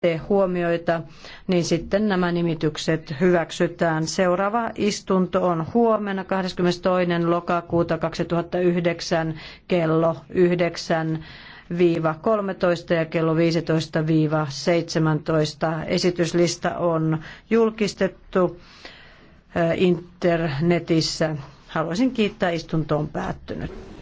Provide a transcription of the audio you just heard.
tee huomioita, niin sitten nämä nimitykset hyväksytään. Seuraava istunto on huomenna 22. lokakuuta 2009 kello 9 13 ja kello 15-17. Esityslista on julkistettu eh, internetissä. Haluaisin kiittää, istunto on päättynyt.